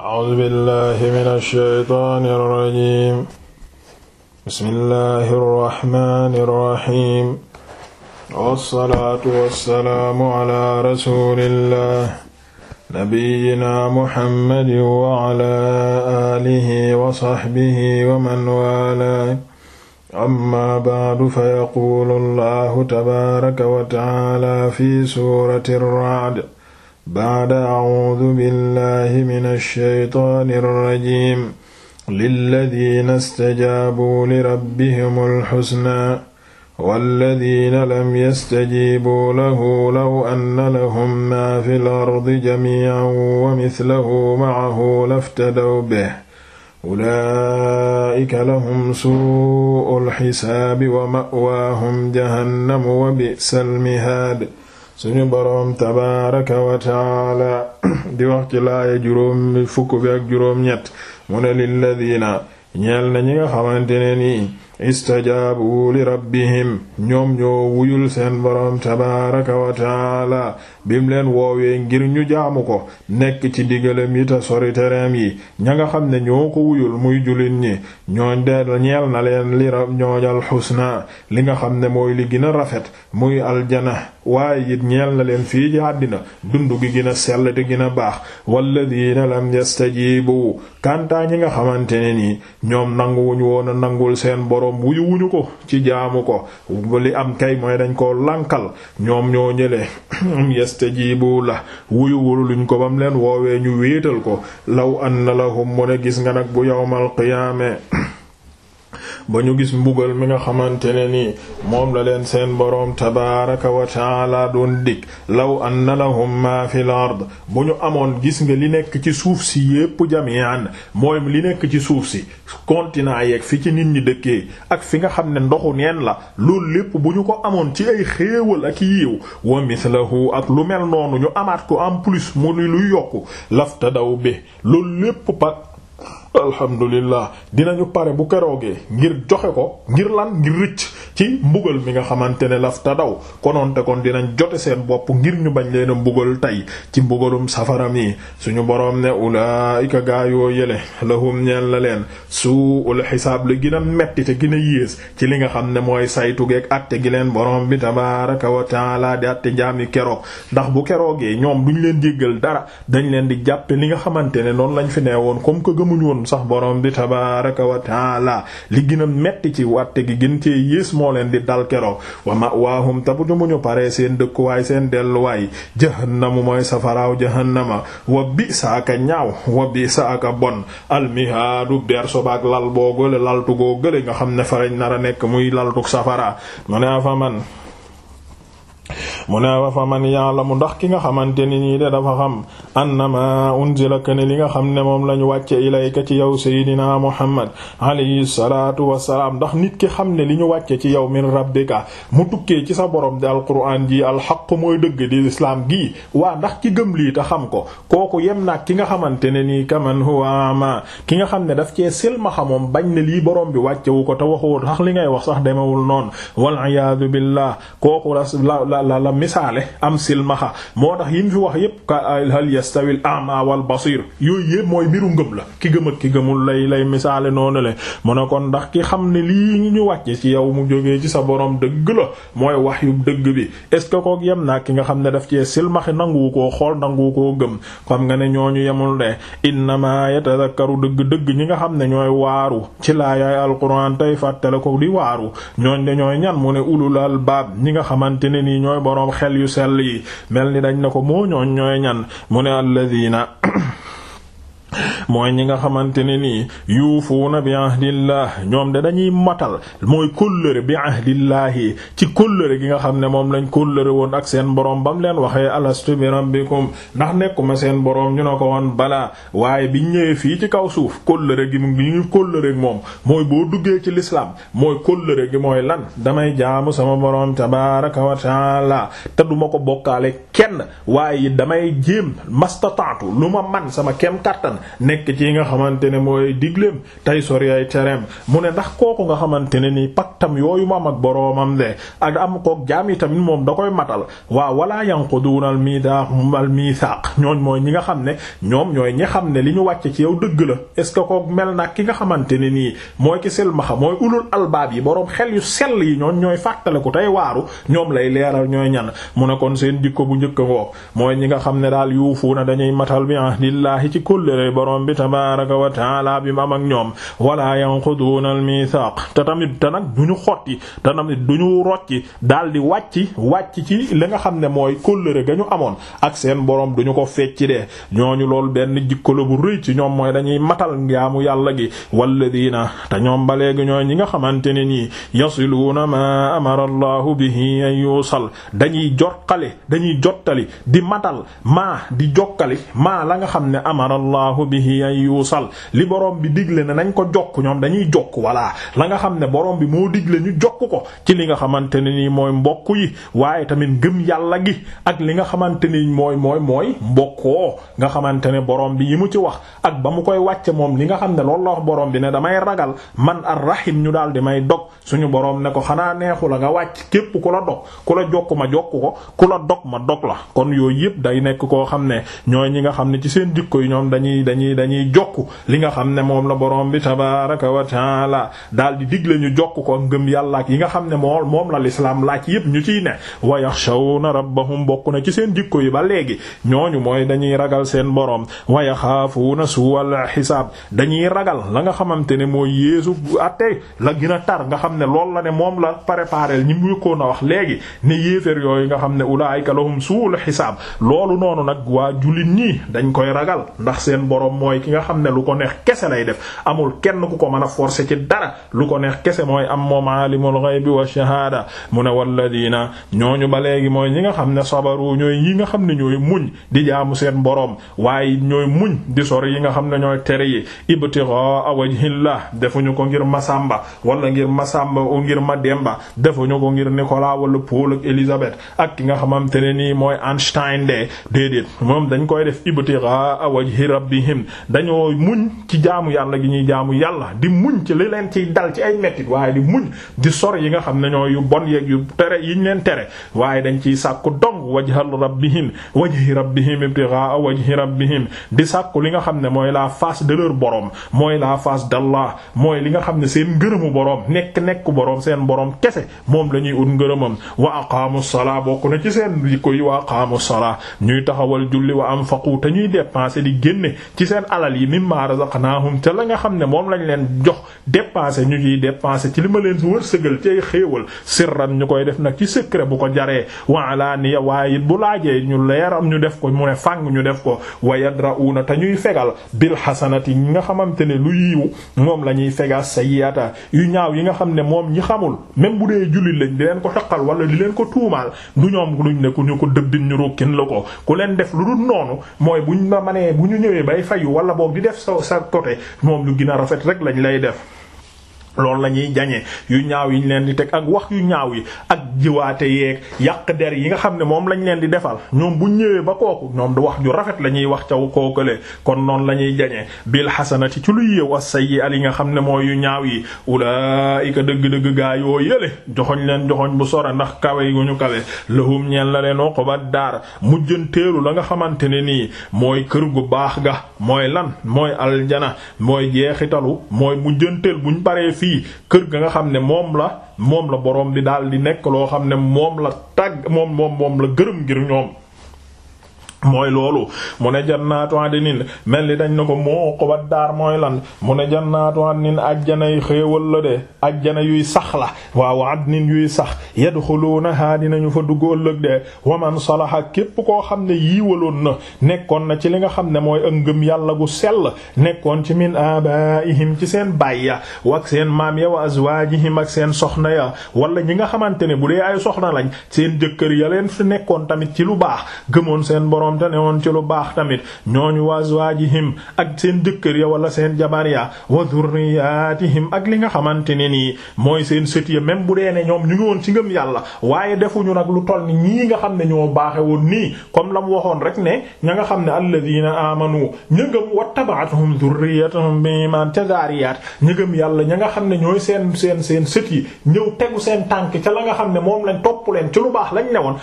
A'uuzu billaahi mina shaytaani rajiim. Bismillaahi rahmaani rahiim. Wassalaatu wassalaamu alaa rasuulillaah. Nabiyyinaa Muhammadin wa alaa aalihi wa sahbihi wa man waalaahu. Ammaa ba'du fayaquulu Allaahu tabaaraka wa ta'aalaa fi suurati Ra'd. bacda acuudu billahi min alsheytaan alrajim lilladina stajaabuu lirabbihim alxusna walladina lam ystajiibuu lahu law anna lahum maa fi lardi jamiican wa mithlahu macahu laftadow bih ulaa'ika lahum suu'u alxisaabi wa ma'waahum jahannamu wa bi'sa almihaad suñu boroom tabaaraka wa taala di wax ci laaya juróom fukk bi ak juróom ñett mu ne lilladiina ñeel na ñi nga xamante ne nii istajaabu li rabbihim ñoom ñoo wuyul seen boroom tabaaraka wa taala bim leen woowee ngir ñu jaamu ko nekk ci digalam yi te sori tereem yi ña nga xam ne ñoo ko wuyul muy julin ñi ñooñ de ñeel na leen li rab ñooñ alxusna li nga xam ne mooy li gën a rafet muy aljana waaye it ñeel na leen fii ci àddina dund gi gën a sell te gin a baax walladina lam yastajibu kantaa ñi nga xamante ne nii ñoom nanguwuñu woon a nangul seen boroom wuyu wuñu ko ci jaamu ko li am kay mooy dañ koo lankal ñoom ñoo ñële yastajibu te wuyu wulu luñ ko ba mu leen woowee ñu wéetal ko law anna lahum mu ne gis nga nag bu yawmal qiyaame ba ñu gis mbugal mi nga xamante ne nii moom la leen seen boroom tabaaraka wa taala doon dig law anna lahum ma fil ard bu ñu amoon gis nga li nekk ci suuf si yépp jamian mooy li nekk ci suuf si continent yeeg fi ci nit ñi dëkkee ak fi nga xam ne ndoxu neen la loolu lépp bu ñu ko amoon ci ay xéewal ak yiiw wa mislahu ak lu mel noonu ñu amaat ko en plus mu luy yokku daw bi loolu lépp pa alhamdulillah dinañu pare bu keroogee ngir joxe ko ngir lan ngir rëcc ci mbugal mi nga xamante ne laf ta daw konoonte kon dinañ jote seen bopp ngir ñu bañ leen a mbugal tey ci mbugalum safara yi suñu boroom ne ulaa'ika gaa yoo yële lahum ñeen la leen su'ul xisaab la gën a metti te gina a yées ci li nga xam ne mooy saytu geek àtte gi leen boroom bi tabaaraka wa ta'aala di àtte jaam yi keroog ndax bu keroogee ñoom duñ leen jéggal dara dañu leen di jàppe li nga xamante ne noonu lañ fi nee woon comme que gëmuñu woon ñoom sax borom bi tabaaraka wa taala li gën a metti ci wàtte gi gën ci yées moo leen di dal keroog wa ma'waahum tabutu mu ñu pare seen dëkkuwaay seen delluwaay jahannamu mooy safaraaw jahannama wa sa ak ñaaw wa bi'sa aka bon almihaadu berso baak lal boo gële laltu goo gële nga xam ne farañ nar a nekk muy laltuk safara mu ne afaman mu ne wa fa man mu ndax ki nga xamante ni nii de dafa xam annama unzila kana li nga xam ne moom la ñu wàcce ilayka ci yow saydina muhammad alayhi salatu wasalaam ndax nit ki xam ne li ñu wàcce ci yow min rabbika mu tukkee ci sa borom di alquran ji alxaq mooy dëgg di islam gii waa ndax ki gëm lii te xam ko kooku yem naag ki nga xamante ne nii kaman huwa ama ki nga xam ne daf cee silma xamoom bañ ne lii borom bi wàccewu ko te waxu tax li ngay wax sax demewul noonu wal misaale am silmaxa moo tax yim fi wax yépp ka hal yastawil a'ma wal basir yooyu yépp mooy mbiru ngëm la ki gëm ak ki gëmul lay lay misaale noonu le mu ne kon ndax ki xam ne lii ñu wàcce ci yow mu jógee ci sa boroom dëgg la mooy wax yu dëgg bi est ce que kook yem naa ki nga xam ne daf cee silmaxi nanguwu koo xool nanguwu koo gëm xam nga ne ñoo ñu yemul de innama yatadakkaru dëgg-dëgg ñi nga xam ne ñooy waaru ci laayaay alquran tey fàttale ko di waaru boroom xel yu sell yi mel ni dañ na ko moo ñooñ ñooy ñan mu ne alladina mooy ñi nga xamante ne nii yuufuuna bi ahdillah ñoom de dañuy matal mooy kóllëre bi ahdillahi ci kóllëre gi nga xam ne moom lañ kóllëre woon ak seen boroom ba mu leen waxee alastu bi rabbikum ndax nekkuma seen boroom ñu ne ko woon balaa waaye bi ñëwee fii ci kaw suuf kóllëre gi mu ngi ñu kóllëre moom mooy boo duggee ci lislaam mooy kóllëre gi mooy lan damay jaamu sama boroom tabaaraka wa taala te duma ko bokkaale kenn waaye damay jéem mastataatu lu ma man sama kem kattan nekk ci nga xamante ne mooy digleem tey sori ay tereem mu ne ndax kooku nga xamante ne nii pactam yooyu ma am ak boroomam de ak am kook jaam yi tamit moom da koy matal waaw wala yanquduna al miidaaq al miisaaq ñooñ mooy ñi nga xam ne ñoom ñooy ñi xam ne li ñu wàcce ci yow dëgg la est ce que koog mel na ki nga xamante ne nii mooy ki silmaxa mooy ulul albaab yi boroom xel yu sell yi ñooñ ñooy fàttaliku tey waaru ñoom lay leeral ñooy ñan mu ne kon seen jikko bu njëkk ngoog mooy ñi nga xam ne daal yuufuuna dañuy matal bi ahdillahi ci kóllëre mooy borom bi tabaaraka wa taala bi mu am ak ñoom wala yanquduuna al te tamit te nag du ñu xotti te tamit du ñu rocci daal di wàcc wàcc ci li nga xam ne mooy kóllëre ga ñu amoon ak seen borom du ñu ko fecci de ñooñu lool benn jikkalo bu rëy ci ñoom mooy dañuy matal ngaamu yàlla gi walladiina te ñoom ba léegi ñooy ñi nga xamante ne nii yasiluuna ma amara allahu bihi an yusal dañuy jottali dañuy jottali di matal maa di jokkali maa la nga xam amarahu bihi bi digle ne nañ ko jokk dañuy jokk walla la nga xam ne borom bi moo digle ñu jokk ko ci li nga xamante ne nii mooy mbokk yi waaye tamit ngëm yàlla gi ak li nga xamante ni mooy mooy mooy mbokkoo nga xamante ne borom bi yi mu ci wax ak ba mu koy wàcce moom li nga xam ne loolu la borom bi ne damay ragal man ar rahim ñu daal di may dog suñu borom ne ko xanaa neexu la nga wàcc képp ku la dog ku la jokk ma jokk ko ku la dog ma dog la kon yooyu day nekk koo xam ne ñooy ñi nga xam ne ci seen jikko yi ñoom dañuy dañuy dañuy jokk li nga xam ne moom la borom bi tabaaraka wa taala daal di digle ñu jokk ko ngëm yàlla ak yi nga xam ne moom moom la lislaam laaj yépp ñu ciy ne wa yaxshawna rabbahum bokk na ci seen jikko yi ba léegi ñooñu mooy dañuy ragal seen borom wa yaxaafuuna suwal xisaab dañuy ragal la nga xamante ne mooy yeesu atte la gën a tar nga xam ne lool la ne moom la préparel ñi mu wékkoon wax léegi ne yéefér yooyu nga xam ne ulaayika lahum suul xisaab loolu noonu boroom mooy ki nga xam ne lu ko neex kese lay def amul kenn ku ko mën a forcer ci dara lu ko neex kese mooy am moom aalimul ghaybi wa shahaada mu ne walladina ñooñu ba léegi mooy ñi nga xam ne sabaru ñooy yi nga xam ne ñooy muñ di jaamu seen boroom waaye ñooy muñ di sori yi nga xam ne ñooy tere yi ibtigha wajhillah defuñu ko ngir masamba wala ngir masamba o ngir mademba defuñu ko ngir Nicolas wala Paul ak Elisabeth ak ki nga xamante ne nii mooy Einstein de déedéet moom dañ koy def ibtigha wajhi rabbi rabbihim dañoo muñ ci jaamu yàlla gi ñuy jaamu yàlla di muñ ci li leen ci dal ci ay mettit waaye di muñ di sor yi nga xam ne ñoo yu bon yeeg yu tere yiñ leen tere waaye dañ ciy sàkku dong wajhal rabbihim wajhi rabbihim ibtighaa wajhi rabbihim di sàkku li nga xam ne mooy la face de leur mooy la face d'Allah mooy li nga xam ne seen ngërëmu borom nekk nekk borom seen borom kese moom la ñuy ut ngërëmam wa aqaamu salaa bokk na ci seen jikko yi wa aqaamu salaa ñuy taxawal julli wa anfaqu te ñuy dépenser ci seen alal yi mimma razaqnaahum te la nga xam ne moom lañ leen jox dépenser ñu ciy dépenser ci li ma leen wërsëgal ci ay xéewal sirran ñu koy def nag ci secret bu ko jaree wa alaaniya waaye bu laajee ñu leeram ñu def ko mu ne ñu def ko wa yadra'uuna te ñuy fegal bil hasanati yi nga xamante ne lu yiwu moom la ñuy fegal sayyi'ata yu ñaaw yi nga xam ne moom ñi xamul même bu dee julli lañ di leen ko taqal wala di leen ko tuumaal du ñoom duñ ne ku ñu ko dëbbin ñu rokkin la ko ku leen def lu dul noonu mooy buñ la manee bu ñu ñëwee bay ngay fayu wala boog di def sa sa côté moom lu gën a rafet rek lañ lay def loolu la ñuy jañee yu ñaaw yi ñu leen di teg ak wax yu ñaaw yi ak jiwaate yeeg yàq der yi nga xam ne moom lañ leen di defal ñoom bu ñëwee ba kooku ñoom du wax ju rafet la ñuy wax caw kookale kon noonu la ñuy jañee bil xasanati ci lu yéew as-sayyi al yi nga xam ne mooy yu ñaaw yi ulaayika dëgg-dëgg gaa yoo yële joxoñ leen joxoñ bu sore ndax kawe yu ñu kawe lahum ñeen la leen oqoba daar mujjanteelu la nga xamante ne nii mooy kër gu baax ga mooy lan mooy aljana mooy kër ga nga xam ne moom la moom la borom bi daal di nekk loo xam ne moom la tàgg moom moom moom la gërëm ngir ñoom mooy loolu mu ne jannaatu adnin mel ni dañ na ko moo ko ba daar mooy lan mu ne jannaatu adnin ajjanay xéewal la de ajjana yuy sax la waaw adnin yuy sax yadxuluunahaa dinañu fa dugg ëllëg de waman ak képp koo xam ne yiiwaloon na nekkoon na ci li nga xam ne mooy ëngëm yàlla gu sell nekkoon ci min abaihim ci seen baay ya wak seen maam ya wa azwaajihim ak seen soxna ya wala ñi nga xamante ne bu dee ay soxna lañ seen jëkkër ya leen fi nekkoon tamit ci lu baax gëmoon seen borom ñoom te newoon ci lu baax tamit ñooñu wa azwaajihim ak seen jëkkër ya wala seen jabar ya wa dhurriyyatihim ak li nga xamante ne nii mooy seen sët ya même bu dee ne ñoom ñu ngi woon ci ngëm yàlla waaye defuñu nag lu toll ni ñii nga xam ne ñoo baaxe woon nii comme la mu waxoon rek ne ña nga xam ne alladhina amanu ña ngëm wattaba'athum dhurriyyatuhum bi iman ca zaariyaat ña ngëm yàlla ña nga xam ne ñooy seen seen seen sët yi ñëw tegu seen tànk ca la nga xam ne moom lañ topp leen ci lu baax lañ newoon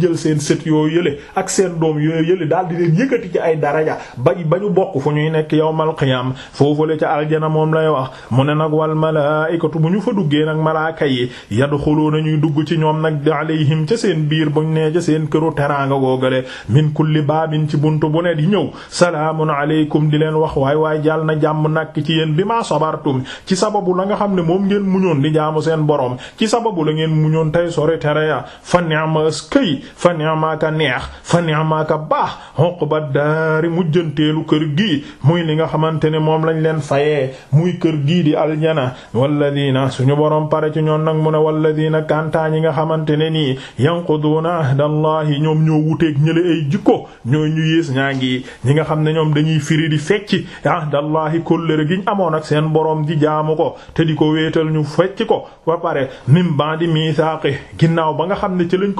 jël seen sët yoo yële ak seen doom yoo yële daal di leen yëkkati ci ay daraja ba ba ñu bokk fu ñuy nekk yawmal qiyaam foofule ca aljana moom lay wax mu ne nag wal malaa'ikatu bu ñu fa duggee nag malaaka yi yadxuluuna ñuy dugg ci ñoom nag di alayhim ca seen biir bu buñ nee ca seen këru teraanga googale min kulli baabin ci bunt bu ne di ñëw salaamun aleykum di leen wax waay waay jàll na jàmm nakk ci yéen bi maa sabartum ci sababu la nga xam ne moom ngeen muñoon di jaamu seen borom ci sababu la ngeen muñoon tey sori tere ya fa ni'ma askay fa ni'maaka neex fa ni'maaka baax uqba daari mujjanteelu kër gi muy li nga xamante ne moom lañ leen fayee muy kër gii di aljana walladina suñu borom pare ci ñoon nag mu ne walladina kantaa ñi nga xamante ne nii yanquduuna ahdallahi ñoom ñoo wuteeg ñële ay jikko ñooy ñu yées ñaa ngi ñi nga xam ne ñoom dañuy firi di fecci ahdallahi kóllëre giñ amoon ak seen borom di jaamu ko te di ko wéetal ñu fecci ko ba pare mim bandi misaaqi ginnaaw ba nga xam ne ci lañ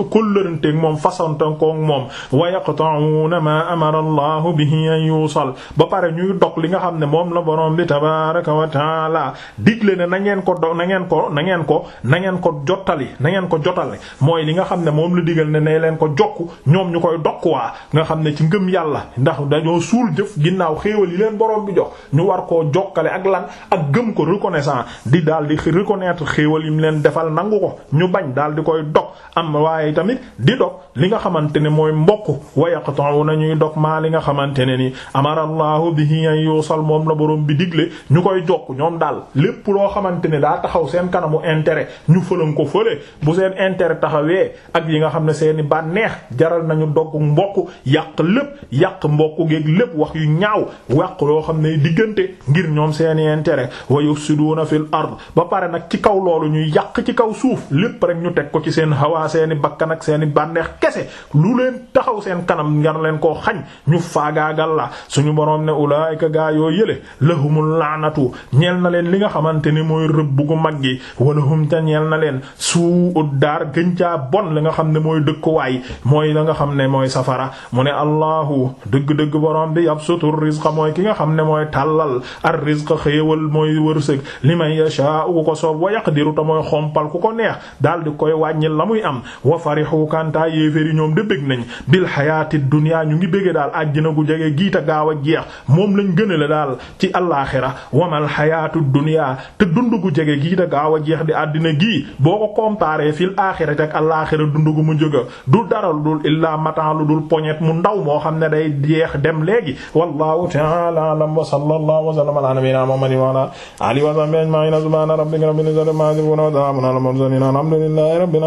moom façontan koog moom wa yaqta'una ma amara allahu bihi an yuusal ba pare ñuy dog li nga xam ne moom la borom bi tabaraka wa taala digle ne na ngeen ko do na ngeen ko nangeen ko na ngeen ko jottali na ngeen ko jotale mooy li nga xam ne moom la digal ne ne leen ko jokk ñoom ñu koy dokk waa nga xam ne ci ngëm yàlla ndax dañoo suul jëf ginnaaw xéewal yi leen borom bi jox ñu war koo jokkale ak lan ak gëm ko reconnaissant di daal di reconnaître xéewal yi mu leen defal nangu ko ñu bañ daal di koy dog li nga xamante ne mooy mboq wa yaqta'una ñuy dog maa li nga xamante ne ni amara bi bihi an yusal moom la borom bi digle ñu koy jokk ñoom daal lépp loo xamante ne daa taxaw seen kanamu intérêt ñu fëlan ko fële bu seen intere taxawee ak yi nga xam ne seeni bànneex jaral nañu dog mboq yàq lépp yàq mboq geeg lépp wax yu ñaaw wàq loo xam ne diggante ngir ñoom seeni intérêt wa yufsiduna fil ard ba pare nag ci kaw loolu ñu yàq ci kaw suuf lépp neex kese lu leen taxaw seen kanam ngar leen koo xañ ñu faagaagal la suñu boroom ne ulaayika gaa yoo yële lahumul laanatu ñel na leen li nga xamante ni mooy rëbb buggu mag gi walahum ca ñeel na leen suu daar gën caa bon li nga xam ne mooy dëkkuwaay mooy la nga xam ne mooy safara mu ne allahu dëgg-dëgg boroom bi yabsutur rizqa mooy ki nga xam ne mooy tàllal ar rizqa xéewal mooy wërsëg li may yashaa'u ko soob wa yaqdiru ta mooy xompal ku ko neex daal hatta yéeféer yi ñoom de bég nañ bil xayaati dunya ñu ngi bége daal àjjina gu jege giita gaaw a jeex moom lañ gën a la daal ci alaaxira wamal xayaatu dunya te dund gu jege giita gaaw a jeex di àddina gii boo ko comparé fil aaxira ak alaaxira dund gu mu jóga du dara lu dul illaa mataa lu dul poñet mu ndaw moo xam ne day jeex dem léegi wallahu ta'ala a'lam wa sallallahu wa sallama ala nabiyyina muhammadin wa ala alihi wa sahbihi ajma'in subhana rabbika rabbil izzati amma yasifun wa salamun